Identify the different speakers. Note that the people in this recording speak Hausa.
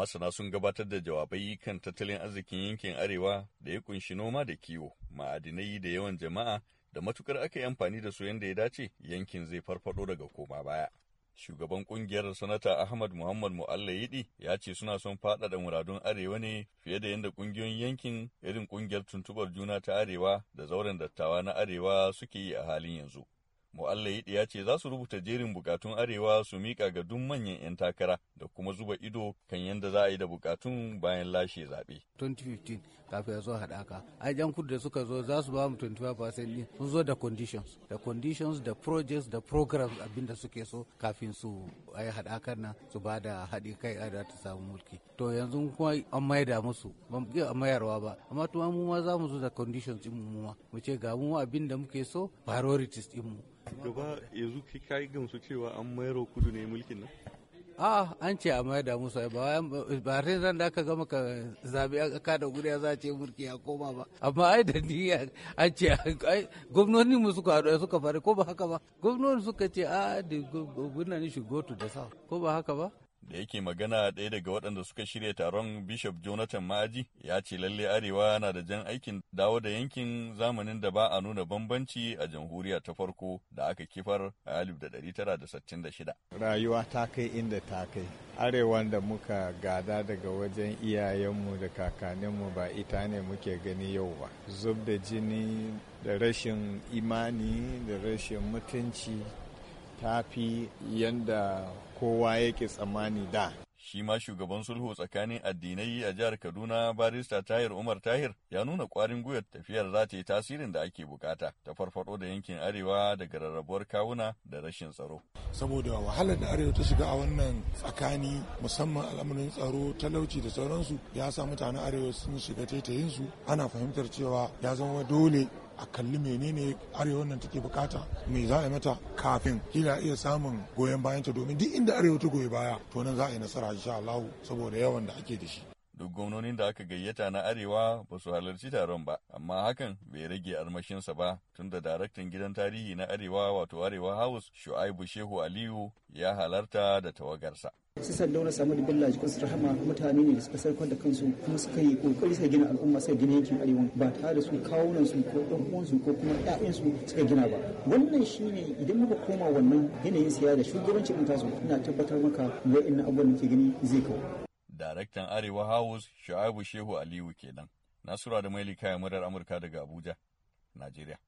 Speaker 1: masana sun gabatar da jawabai kan tattalin arzikin yankin arewa da ya kunshi noma da kiwo, ma'adinai da yawan jama'a da matukar aka yi amfani da su yadda ya dace yankin zai farfado daga koma baya. Shugaban kungiyar sanata Ahmad Muhammad Mu'alla Yidi ya ce suna son faɗaɗa muradun arewa ne fiye da yadda kungiyoyin yankin irin kungiyar tuntubar juna ta arewa da zauren dattawa na arewa suke yi a halin yanzu. Mu'allayi ya ce za su rubuta jerin bukatun Arewa su miƙa ga duk manyan 'yan takara da kuma zuba ido kan yadda za a yi da bukatun bayan lashe zaɓe.
Speaker 2: 2015 kafin ya zo haɗaka, ai yan kudu da suka zo za su ba mu 25% ɗin sun zo da conditions, da conditions da projects da programs abin da suke so kafin su yi haɗakar nan su ba da haɗin kai a da ta samu mulki. To yanzu kuma an maida musu, ba mu a mayarwa ba, amma tuma mu ma za mu zo da conditions ɗin mu ma, mu ce ga mu abin da muke so priorities
Speaker 1: ɗin mu. gaba yanzu kai kai gamsu cewa an mayarwa kudu ne mulkin nan
Speaker 2: a an ce a mayar da musu ba ba sai zan da aka gama ka zabi
Speaker 1: aka da guda za a ce
Speaker 2: mulki ya koma ba amma ai da ni an ce ai gwamnoni mu suka haɗu suka fare ko ba haka ba gwamnoni suka ce a da gwamnoni should go to the south ko ba haka ba
Speaker 1: da yake magana ɗaya daga waɗanda suka shirya taron bishop jonathan ma'aji ya ce lalle arewa na da jan aikin dawo da yankin zamanin da ba a nuna bambanci a jamhuriya ta farko da aka kifar a 1966 rayuwa ta kai inda ta kai arewan da muka gada daga wajen iyayenmu da kakaninmu ba ita ne muke gani yau ba zub da jini da rashin imani da rashin mutunci ta fi yanda kowa yake tsammani da. Shi ma shugaban sulhu tsakanin addinai a jihar Kaduna barista Tahir Umar Tahir ya nuna kwarin gwiwar tafiyar za ta yi tasirin da ake bukata ta farfado da yankin arewa daga rarrabuwar kawuna da rashin tsaro.
Speaker 2: Saboda wahalar da arewa ta shiga a wannan tsakani musamman al'amarin tsaro talauci da sauransu ya sa mutanen arewa sun shiga taitayinsu ana fahimtar cewa ya zama dole a kalli menene arewa nan take bukata me za a mata kafin kila iya samun goyon bayan ta domin duk inda arewa ta goyi baya to nan za a yi nasara insha Allah saboda yawan da ake da shi
Speaker 1: duk gwamnonin da aka gayyata na arewa ba su halarci taron ba amma hakan bai rage armashinsa ba tunda daraktan gidan tarihi na arewa wato arewa house shu'aibu shehu aliyu ya halarta da tawagarsa
Speaker 2: su sandauna samu da billahi su rahama mutane ne da suka sarkar da kansu kuma suka yi kokari suka gina al'umma suka gina yankin arewa ba tare da su kawunan su ko ɗan uwansu ko kuma ƴaƴan su suka gina ba wannan shine idan muka koma wannan yanayin siya da shugabancin ɗin tasu ina tabbatar maka wa'annan abubuwan da ke gani zai kawo.
Speaker 1: Daraktan Arewa House Shu'aibu Shehu Aliyu kenan. Nasura da Maili kayan murar Amurka daga Abuja, Najeriya.